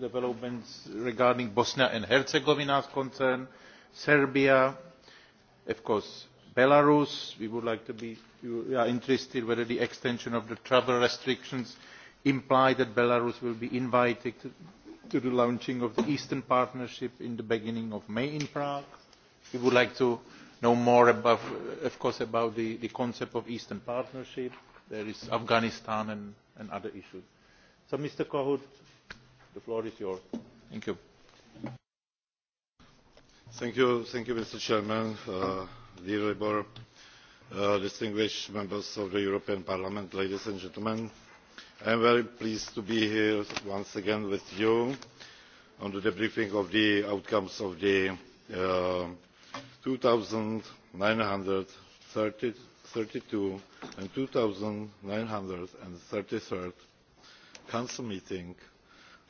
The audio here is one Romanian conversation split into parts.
developments regarding bosnia and herzegovina is concerned serbia of course belarus we would like to be we are interested whether the extension of the travel restrictions imply that belarus will be invited to, the launching of the eastern partnership in the beginning of may in prague. we would like to know more of course about the, concept of eastern partnership there is afghanistan and, other issues. so mr Kohout. The floor is yours. Thank you. Thank you, thank you Mr. Chairman, uh, dear Labour, uh, distinguished members of the European Parliament, ladies and gentlemen. I am very pleased to be here once again with you on the debriefing of the outcomes of the uh, 2930 and 2933 Council meeting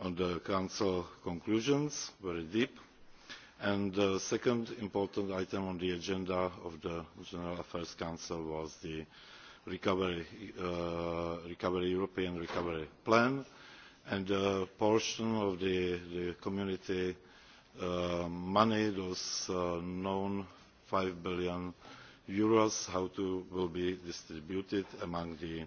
on the council conclusions very deep and the second important item on the agenda of the general affairs council was the recovery, uh, european recovery plan and the portion of the, community uh, money those uh, known eur five billion euros, how to will be distributed among the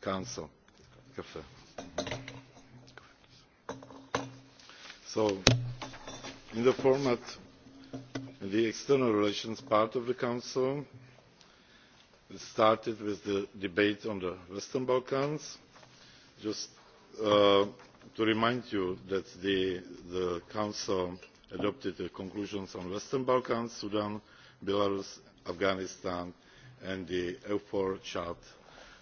Council. So, in the format in the external relations part of the Council, it started with the debate on the Western Balkans. Just uh, to remind you that the, the Council adopted the conclusions on Western Balkans, Sudan, Belarus, Afghanistan, and the EUFOR Chart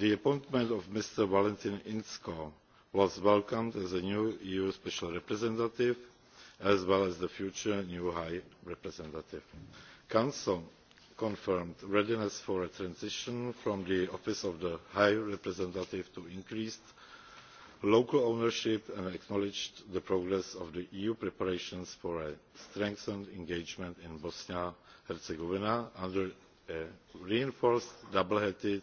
the appointment of mr valentin inzko was welcomed as a new eu special representative as well as the future new high representative. the council confirmed readiness for a transition from the office of the high representative to increased local ownership and acknowledged the progress of the eu preparations for a strengthened engagement in bosnia and herzegovina under a reinforced double headed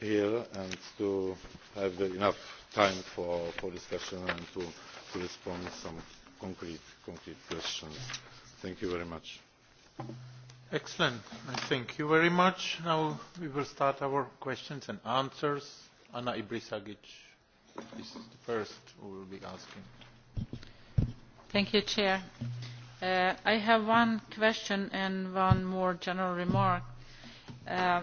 here and to have enough time for, discussion and to, respond to some concrete, concrete questions. Thank you very much. Excellent. Thank you very much. Now we will start our questions and answers. Ana Ibrisagic is the first who will be asking. Thank you, Chair. Uh, I have one question and one more general remark. Uh,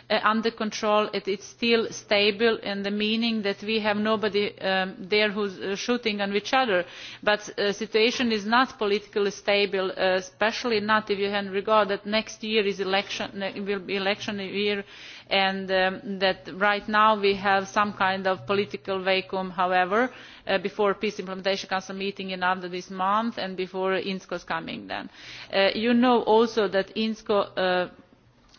Uh, under control it is still stable in the meaning that we have nobody um, there who is uh, shooting at each other but the uh, situation is not politically stable especially not if you have in regard that next year is election will be election year and um, that right now we have some kind of political vacuum however before the peace implementation council meeting in under this month and before INSCO is coming then. you know also that INSCO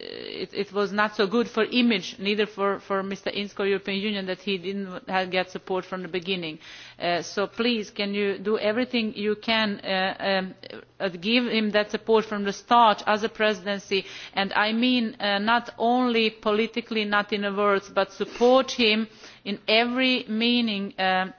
it, was not so good for image neither for, mr inzko the european union that he did not get support from the beginning. Uh, so please can you do everything you can to uh, um, uh, give him that support from the start as a presidency and i mean not only politically not in words but support him in every meaning um,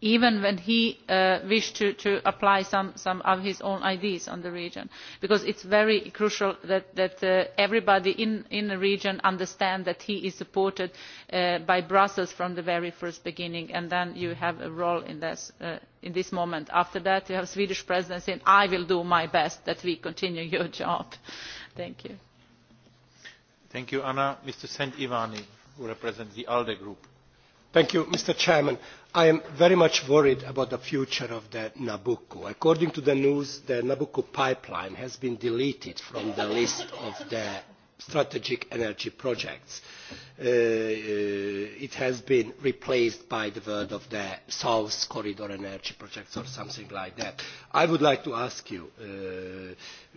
even when he uh, wished to, apply some, of his own ideas on the region because it is very crucial that, uh, everybody in, the region understands that he is supported uh, by brussels from the very first beginning and then you have a role in this, moment. after that you have the swedish presidency and i will do my best that we continue your job. thank you. thank you anna. mr st ivani who represents the alde group. You, mr president i am very much worried about the future of nabucco. according to the news the nabucco pipeline has been deleted from the list of the strategic energy projects. Uh, uh, it has been replaced by the word of the south corridor energy projects or something like that. i would like to ask you uh,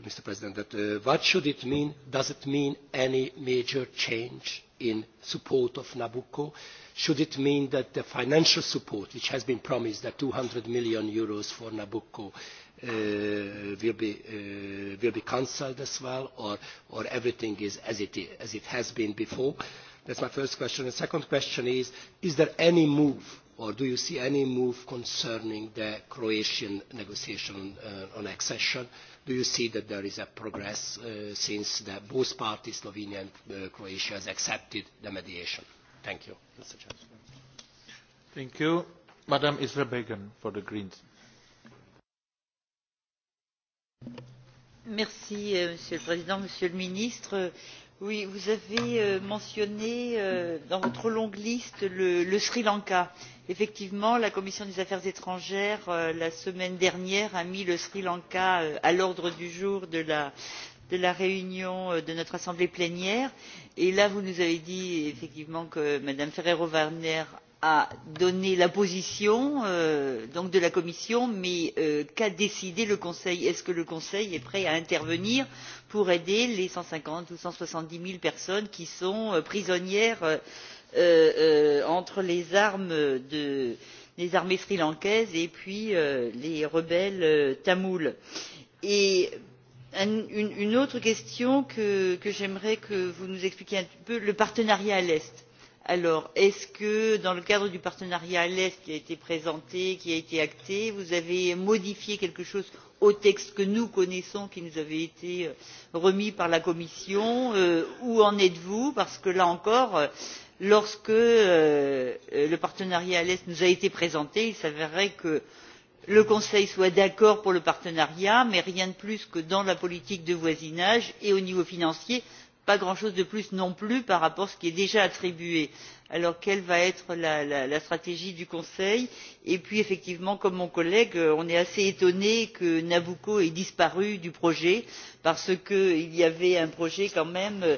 mr president what should it mean? does it mean any major change in support of nabucco? should it mean that the financial support which has been promised that eur two hundred million Euros for nabucco uh, will be, uh, be cancelled as well or, or everything is as it, as it has been before? that is my first question. the second question is is there any move or do you see any move concerning the croatian negotiation uh, on accession? do you see that there is a progress uh, since that both parties slovenia and uh, croatia have accepted the mediation? Thank you, Mr. Chairman. Euh, Monsieur le Président, Monsieur le Ministre. vous avez euh, mentionné euh, dans votre longue liste le, Sri Lanka. Effectivement, la Commission des affaires étrangères, la semaine dernière, a mis le Sri Lanka à l'ordre du jour de la de la réunion euh, de notre assemblée plénière et là vous nous avez dit effectivement que mme ferrero waldner a donné la position euh, donc de la commission mais euh, qu'a décidé le conseil? est ce que le conseil est prêt à intervenir pour aider les cent cinquante ou cent soixante dix zéro personnes qui sont prisonnières entre les armes des armées sri lankaises et puis les rebelles tamouls? et une, autre question que, j'aimerais que vous nous expliquiez un petit peu le partenariat à l'est alors est ce que dans le cadre du partenariat à l'est qui a été présenté qui a été acté vous avez modifié quelque chose au texte que nous connaissons qui nous avait été euh, remis par la commission euh, où en êtes vous parce que là encore euh, lorsque le partenariat à l'est nous a été présenté il s'avérait que le conseil soit d'accord pour le partenariat mais rien de plus que dans la politique de voisinage et au niveau financier pas grand chose de plus non plus par rapport à ce qui est déjà attribué. alors quelle va être la, stratégie du conseil? et puis effectivement comme mon collègue euh, on est assez étonné que nabucco ait disparu du projet parce qu'il y avait un projet quand même qui euh,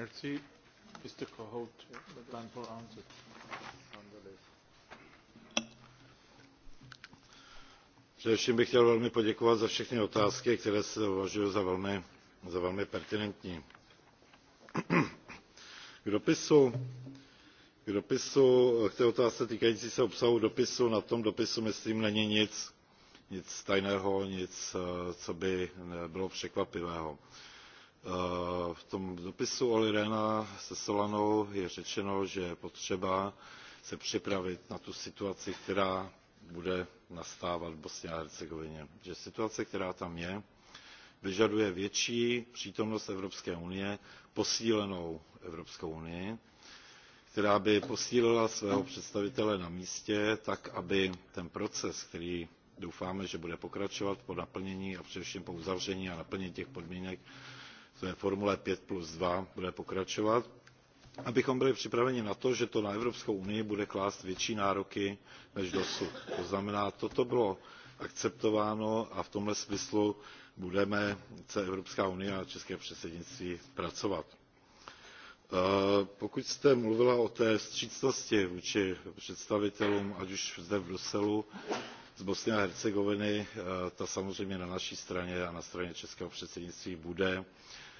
Erzi ist der Kohot dann answer. Především bych chtěl velmi poděkovat za všechny otázky, které se považuji za velmi, za velmi pertinentní. K dopisu, k dopisu, k té otázce týkající se obsahu dopisu, na tom dopisu, myslím, není nic, nic tajného, nic, co by bylo překvapivého Eh, v tom dopisu olli rehna se solanou je řečeno že je potřeba se připravit na tu situaci která bude nastávat v bosně a hercegovině že situace která tam je vyžaduje větší přítomnost evropské unie posílenou evropskou unii která by posílila svého představitele na místě tak aby ten proces který doufáme že bude pokračovat po naplnění a především po uzavření a naplnění těch podmínek to je formule 5 plus 2 bude pokračovat, abychom byli připraveni na to, že to na Evropskou unii bude klást větší nároky než dosud. To znamená, toto bylo akceptováno a v tomhle smyslu budeme se Evropská unie a České předsednictví pracovat. Pokud jste mluvila o té vstřícnosti vůči představitelům, ať už zde v Bruselu, z Bosny a Hercegoviny, ta samozřejmě na naší straně a na straně Českého předsednictví bude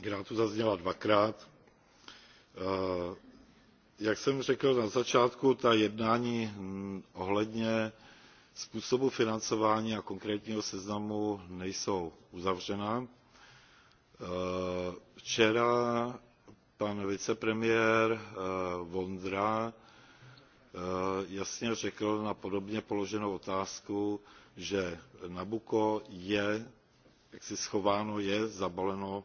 která tu zazněla dvakrát. Eh, jak jsem řekl na začátku, ta jednání ohledně způsobu financování a konkrétního seznamu nejsou uzavřena. Eh, včera pan vicepremiér eh, Vondra jasně řekl na podobně položenou otázku, že Nabuko je jaksi schováno, je zabaleno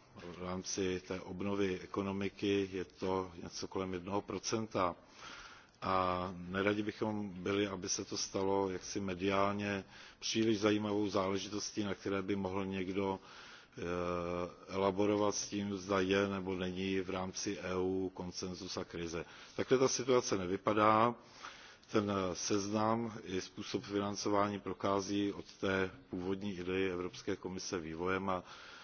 v rámci té obnovy ekonomiky je to něco kolem jednoho procenta a neradi bychom byli aby se to stalo jaksi mediálně příliš zajímavou záležitostí na které by mohl někdo elaborovat s tím zda je nebo není v rámci eu konsenzus a krize. takhle ta situace nevypadá ten seznam i způsob financování prochází od té původní ideje evropské komise vývojem a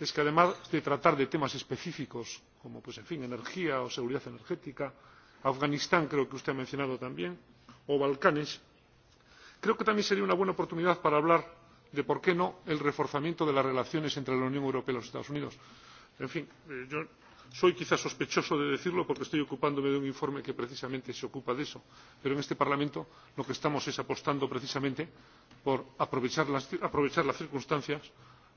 es que además de tratar de temas específicos como energía o seguridad energética afganistán creo que usted ha mencionado también o balcanes creo que también sería una buena oportunidad para hablar de por qué no del reforzamiento de las relaciones entre la unión europea y los estados unidos. en fin eh, yo soy quizás sospechoso de decirlo porque estoy ocupándome de un informe que precisamente se ocupa de eso pero en este parlamento lo que estamos es apostando precisamente por aprovechar las, aprovechar las circunstancias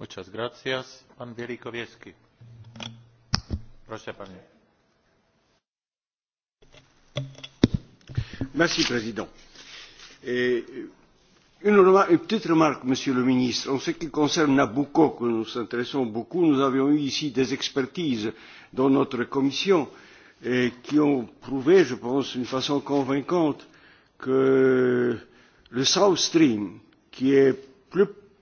Muchas gracias. Pan Velikovieski. Proszę panie. Merci, Président. Et une, une petite remarque, Monsieur le Ministre. En ce qui concerne Nabucco, que nous nous intéressons beaucoup, nous avions eu ici des expertises dans notre commission et qui ont prouvé, je pense, d'une façon convaincante que le South Stream, qui est plus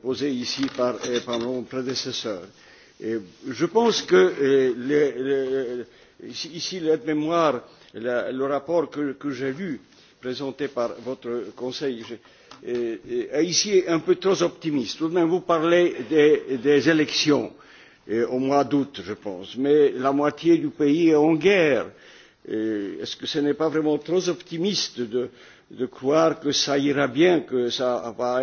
posée ici par, euh, par mon prédécesseur. Et je pense que eh, le, le, ici l'aide mémoire la, le rapport que, que j'ai lu présenté par votre conseil eh, eh, ici est un peu trop optimiste. tout de même vous parlez des, des élections euh, au mois d'août je pense mais la moitié du pays est en guerre. est ce que ce n'est pas vraiment trop optimiste de, de croire que ça ira bien que ça va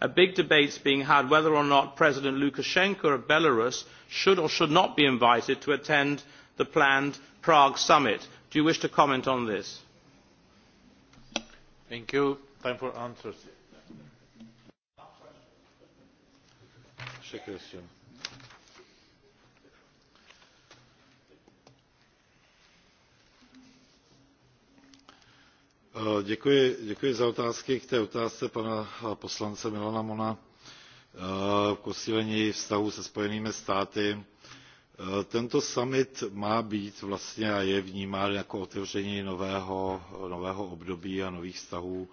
a big debate is being had whether or not president lukashenko of belarus should or should not be invited to attend the planned prague summit. do you wish to comment on this? Thank you. Time for answers. Eh, děkuji, za otázky. K té otázce pana eh, poslance Milana Mona eh, k posílení vztahů se Spojenými státy. Tento summit má být vlastně a je vnímán jako otevření nového, období a nových vztahů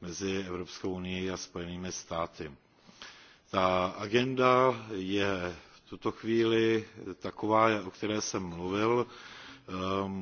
mezi Evropskou unii a Spojenými státy. Ta agenda je v tuto chvíli taková, o které jsem mluvil ehm,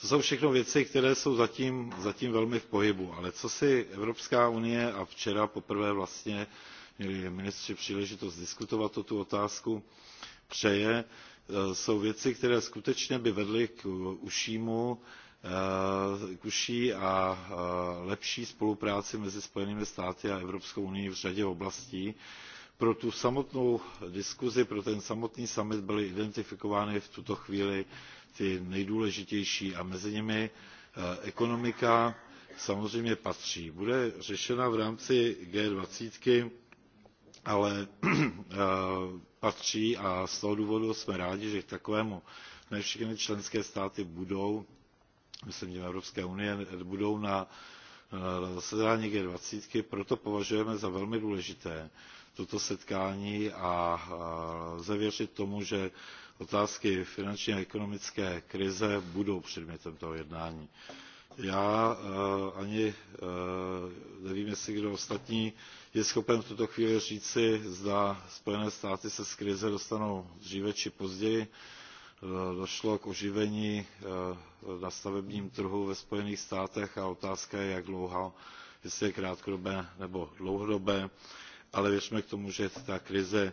to jsou všechno věci které jsou zatím, zatím velmi v pohybu ale co si evropská unie a včera poprvé vlastně měli ministři příležitost diskutovat o tu otázku přeje eh, jsou věci které skutečně by vedly k užšímu eh, k užší a eh, lepší spolupráci mezi spojenými státy a evropskou unií v řadě oblastí. pro tu samotnou diskuzi, pro ten samotný summit byly identifikovány v tuto chvíli ty nejdůležitější a mezi nimi eh, ekonomika samozřejmě patří. bude řešena v rámci g twenty ale eh, patří a z toho důvodu jsme rádi že k takovému ne všechny členské státy budou myslím tím evropské unie budou na eh, zasedání g twenty proto považujeme za velmi důležité toto setkání a zavěřit tomu že otázky finanční a ekonomické krize budou předmětem toho jednání. já eh, ani eh, nevím jestli kdo ostatní je schopen v tuto chvíli říci zda spojené státy se z krize dostanou dříve či později. Eh, došlo k oživení na stavebním trhu ve spojených státech a otázka je jak dlouhá jestli je krátkodobé nebo dlouhodobé ale věřme tomu že ta krize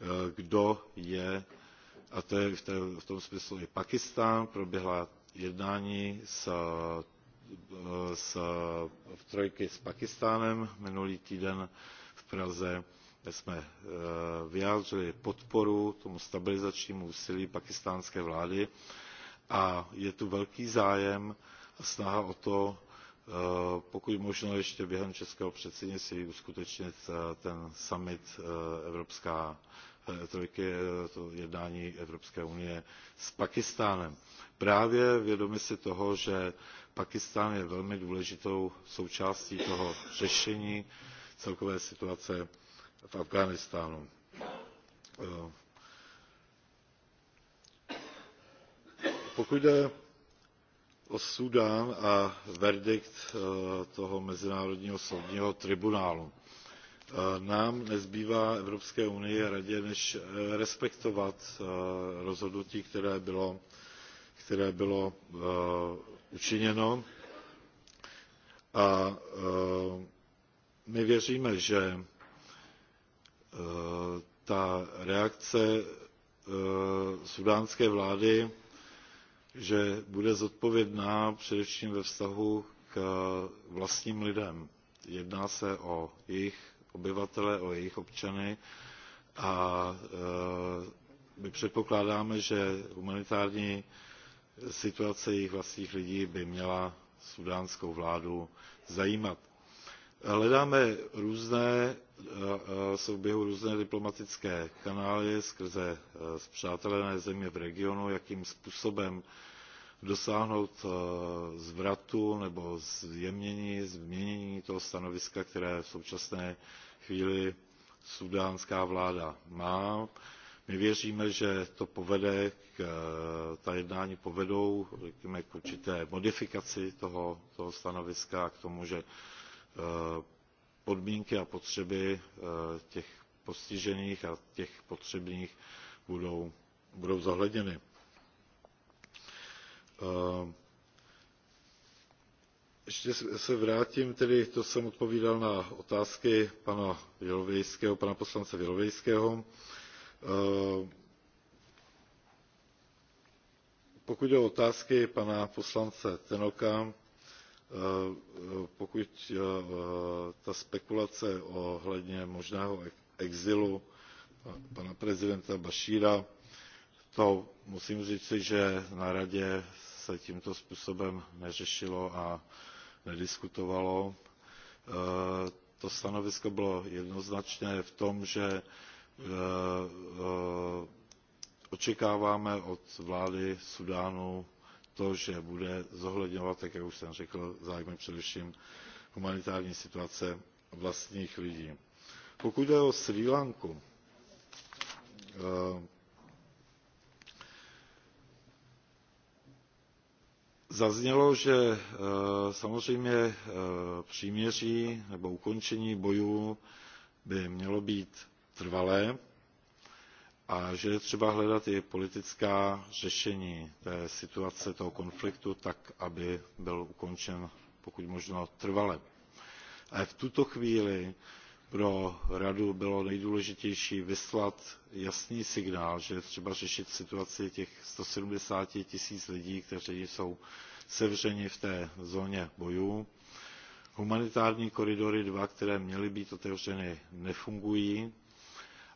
Eh, kdo je a to je v, té, v tom smyslu i Pakistán. Proběhla jednání s, eh, s, v trojky s Pakistánem minulý týden v Praze kde jsme eh, vyjádřili podporu tomu stabilizačnímu úsilí pakistánské vlády a je tu velký zájem a snaha o to Eh, pokud možno ještě během českého předsednictví uskutečnit eh, ten summit eh, Evropská trojky, to jednání Evropské unie s Pakistánem. Právě vědomi si toho, že Pakistán je velmi důležitou součástí toho řešení celkové situace v Afghánistánu. Pokud jde súdán a verdikt eh, toho mezinárodního soudního tribunálu. Eh, nám nezbývá evropské unii a radě než eh, respektovat rozhodnutí které bylo, které bylo učiněno a my věříme že ta reakce súdánské vlády že bude zodpovědná především ve vztahu k vlastním lidem. Jedná se o jejich obyvatele, o jejich občany a my předpokládáme, že humanitární situace jejich vlastních lidí by měla sudánskou vládu zajímat. Hledáme různé souběhu různé diplomatické kanály skrze spřátelené země v regionu, jakým způsobem dosáhnout zvratu nebo zjemnění, změnění toho stanoviska, které v současné chvíli sudánská vláda má. My věříme, že to povede, k, ta jednání povedou řekněme, k určité modifikaci toho, toho stanoviska a k tomu, že podmínky a potřeby eh, těch postižených a těch potřebných budou, budou zohledněny. Eh, ještě se vrátím, tedy to jsem odpovídal na otázky pana Vělovejského, pana poslance Vělovejského. Eh, pokud jde o otázky pana poslance Tenoka, Eh, pokud eh, ta spekulace ohledně možného exilu pana prezidenta Bašíra, to musím říci, že na radě se tímto způsobem neřešilo a nediskutovalo. Eh, to stanovisko bylo jednoznačné v tom, že očekáváme od vlády Sudánu to, že bude zohledňovat, tak jak už jsem řekl, zájmy především humanitární situace vlastních lidí. Pokud jde o Sri Lanku, eh, Zaznělo, že eh, samozřejmě eh, příměří nebo ukončení bojů by mělo být trvalé a že je třeba hledat i politická řešení té situace, toho konfliktu, tak, aby byl ukončen pokud možno trvale. Ale v tuto chvíli pro radu bylo nejdůležitější vyslat jasný signál, že je třeba řešit situaci těch 170 tisíc lidí, kteří jsou sevřeni v té zóně bojů. Humanitární koridory 2, které měly být otevřeny, nefungují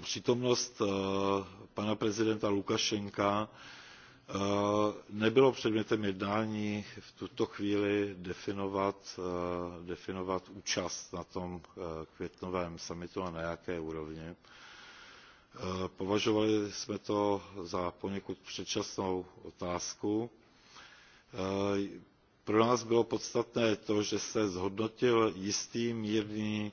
přítomnost eh, pana prezidenta lukašenka eh, nebylo předmětem jednání v tuto chvíli definovat, eh, účast na tom květnovém summitu a na jaké úrovni. Považovali jsme to za poněkud předčasnou otázku. Pro nás bylo podstatné to, že se zhodnotil jistý mírný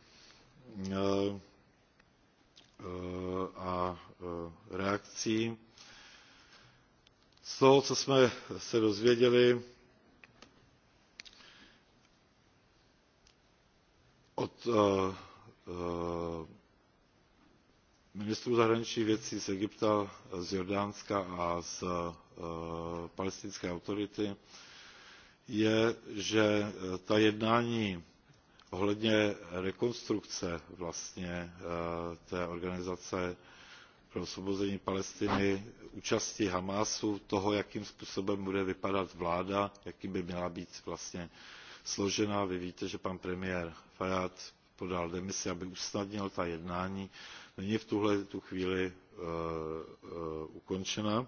a reakcí. Z toho, co jsme se dozvěděli od ministrů zahraničních věcí z Egypta, z Jordánska a z palestinské autority, je, že ta jednání ohledně rekonstrukce vlastně eh, té organizace pro osvobození Palestiny, účasti Hamásu, toho, jakým způsobem bude vypadat vláda, jaký by měla být vlastně složena. Vy víte, že pan premiér Fayad podal demisi, aby usnadnil ta jednání. Není v tuhle tu chvíli uh, uh, ukončena. Uh,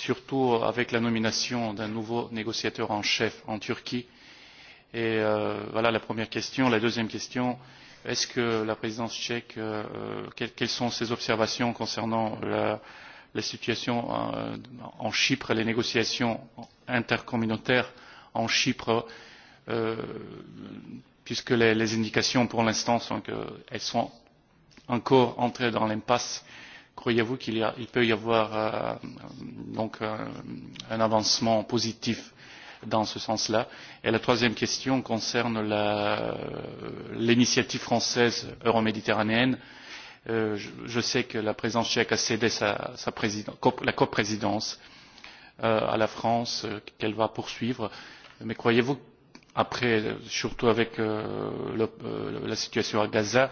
surtout euh, avec la nomination d'un nouveau négociateur en chef en Turquie. Et euh, voilà la première question. La deuxième question, est-ce que la présidence tchèque, euh, euh, quelles, quelles sont ses observations concernant la, la situation euh, en Chypre, les négociations intercommunautaires en Chypre, euh, puisque les, les indications pour l'instant sont qu'elles sont encore entrées dans l'impasse croyez-vous qu'il y a, il peut y avoir euh, donc euh, un avancement positif dans ce sens-là Et la troisième question concerne euh, l'initiative française euroméditerranéenne. Euh, je, je sais que la présidence tchèque a cédé sa, sa président, la coprésidence euh, à la France, euh, qu'elle va poursuivre. Mais croyez-vous, après, surtout avec euh, le, euh, la situation à Gaza,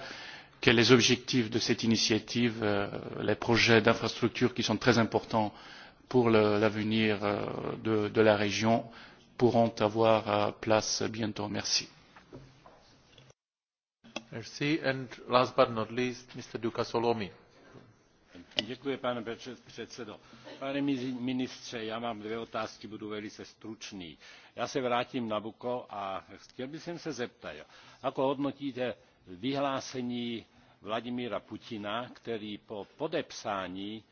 que les objectifs de cette initiative euh, les projets d'infrastructures qui sont très importants pour l'avenir euh, de, la région pourront avoir euh, place bientôt. merci. Merci. And last but not least, Mr. Duka Solomi. Děkuji, pane předsedo. Pane ministře, já mám dvě otázky, budu velice stručný. Já se vrátím na Buko a chtěl bych se zeptat, jak hodnotíte vyhlásení vladimíra putina který po podepsání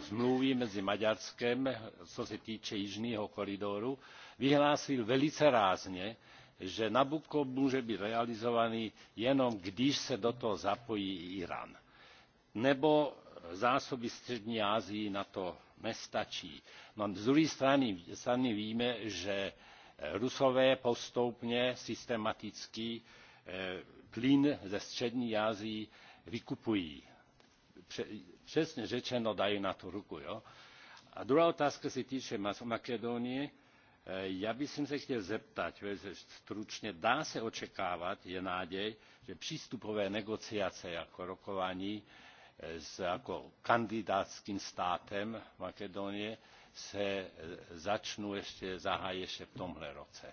smlouvy eh, mezi maďarskem co se týče jižního koridoru vyhlásil velice rázně že nabucco může být realizovaný jenom když se do toho zapojí i írán nebo zásoby střední asii na to nestačí. no z druhé strany, strany víme že rusové postupně systematicky eh, plyn ze střední asii vykupují. přesně řečeno dají na to ruku. a druhá otázka se týče makedonie. já bych se chtěl zeptat velice stručně dá se očekávat je naděj že přístupové negociace jako rokování s jako kandidátským státem makedonie se začnou ještě zahájí ještě v tomhle roce.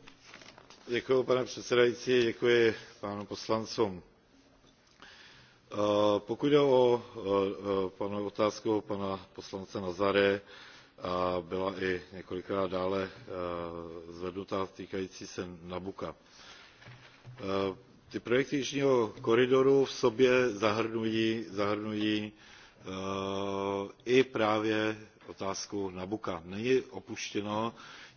pane předsedající, děkuji pánům poslancům. Eh, pokud jde o eh, otázku pana poslance Nazare, a byla i několikrát dále eh, zvednuta týkající se nabucca Ty projekty Jižního koridoru v sobě zahrnují, i právě otázku nabucca. Není opuštěno,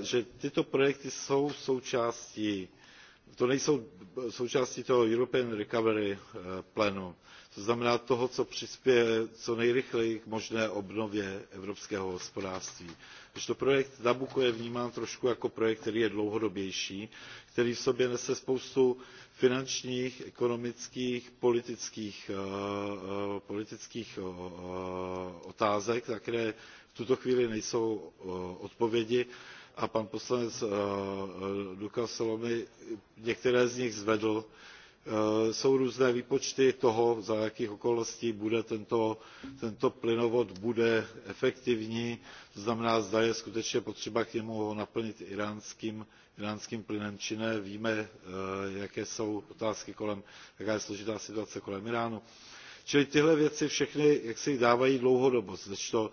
že tyto projekty jsou součástí, to nejsou součástí toho European Recovery eh, plánu, to znamená toho, co přispěje co nejrychleji k možné obnově evropského hospodářství. Když to projekt Nabucco je vnímán trošku jako projekt, který je dlouhodobější, který v sobě nese spoustu finančních, ekonomických, politických, uh, politických uh, otázek, na které tuto chvíli nejsou eh, odpovědi a pan poslanec eh, eh, luca salomon některé z nich zvedl. jsou různé výpočty toho za jakých okolností bude tento, plynovod efektivní to znamená zda je skutečně potřeba k němu ho naplnit íránským plynem či ne. víme jaké jsou otázky kolem jaká je složitá situace kolem íránu. čili tyhle věci všechny jaksi dávají dlouhodobost kdežto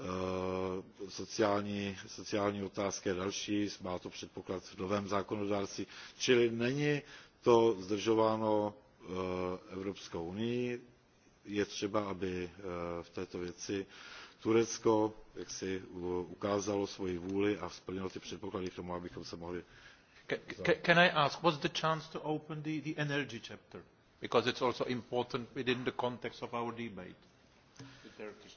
Eh, sociální, sociální otázky a další, má to předpoklad v novém zákonodárství, čili není to zdržováno eh, Evropskou unii, je třeba, aby eh, v této věci Turecko jaksi ukázalo svoji vůli a splnilo ty předpoklady k tomu, abychom se mohli Can I ask, what's the chance to open the, the energy chapter? Because it's also important within the context of our debate. The Turkish.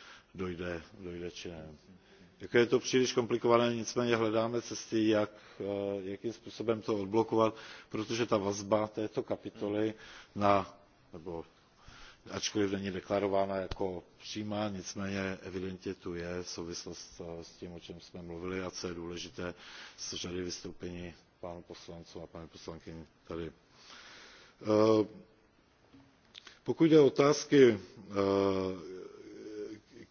dojde, dojde či ne. Jako je to příliš komplikované, nicméně hledáme cesty, jak, eh, jakým způsobem to odblokovat, protože ta vazba této kapitoly na, nebo ačkoliv není deklarována jako přímá, nicméně evidentně tu je souvislost eh, s tím, o čem jsme mluvili a co je důležité z řady vystoupení pánu poslanců a paní poslankyni tady. Eh, pokud je otázky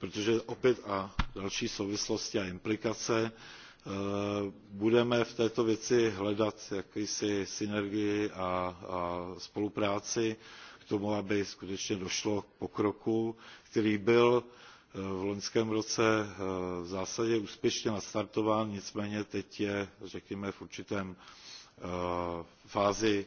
protože opět a další souvislosti a implikace eh, budeme v této věci hledat jakousi synergii a, a spolupráci k tomu aby skutečně došlo k pokroku který byl eh, v loňském roce eh, v zásadě úspěšně nastartován nicméně teď je řekněme v určité fázi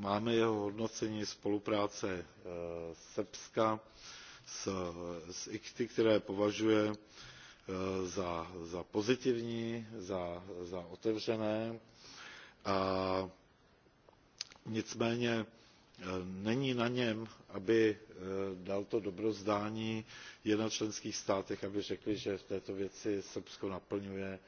máme jeho hodnocení spolupráce eh, srbska s, icty které považuje eh, za, za pozitivní za, za otevřené a nicméně eh, není na něm aby dal to dobrozdání je na členských státech aby řekli že v této věci srbsko naplňuje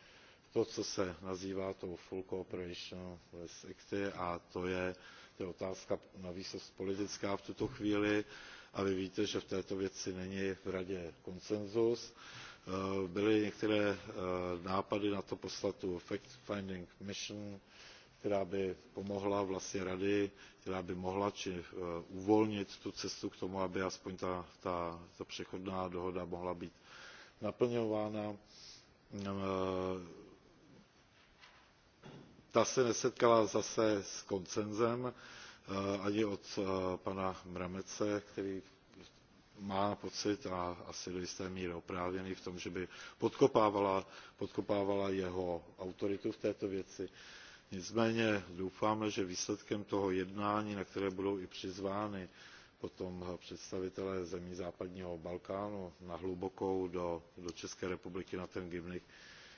to co se nazývá tou full cooperation with icty a to je to je otázka navýsost politická v tuto chvíli a vy víte že v této věci není v radě konsensus. Eh, byly některé eh, nápady na to poslat tu fact finding mission která by pomohla vlastně radě která by mohla či eh, uvolnit tu cestu k tomu aby aspoň ta, ta, ta přechodná dohoda mohla být naplňována ta se nesetkala zase s konsenzem eh, ani od eh, pana mramece který má pocit a asi do jisté míry oprávněný v tom že by podkopávala, podkopávala jeho autoritu v této věci. nicméně doufáme že výsledkem toho jednání na které budou i přizváni potom eh, představitelé zemí západního balkánu na hlubokou do, do české republiky na ten gymnich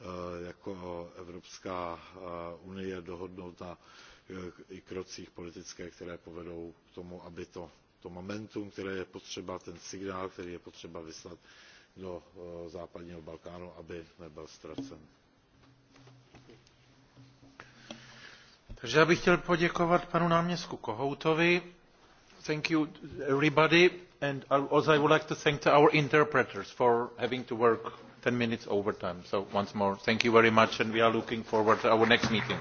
Eh, jako Evropská eh, unie dohodnout na eh, i krocích politické, které povedou k tomu, aby to, to momentum, které je potřeba, ten signál, který je potřeba vyslat do západního Balkánu, aby nebyl ztracen. Takže já bych chtěl poděkovat panu náměstku Kohoutovi. Thank you everybody and also I would like to thank to our interpreters for having to work ten minutes overtime. so once more thank you very much and we are looking forward to our next meeting.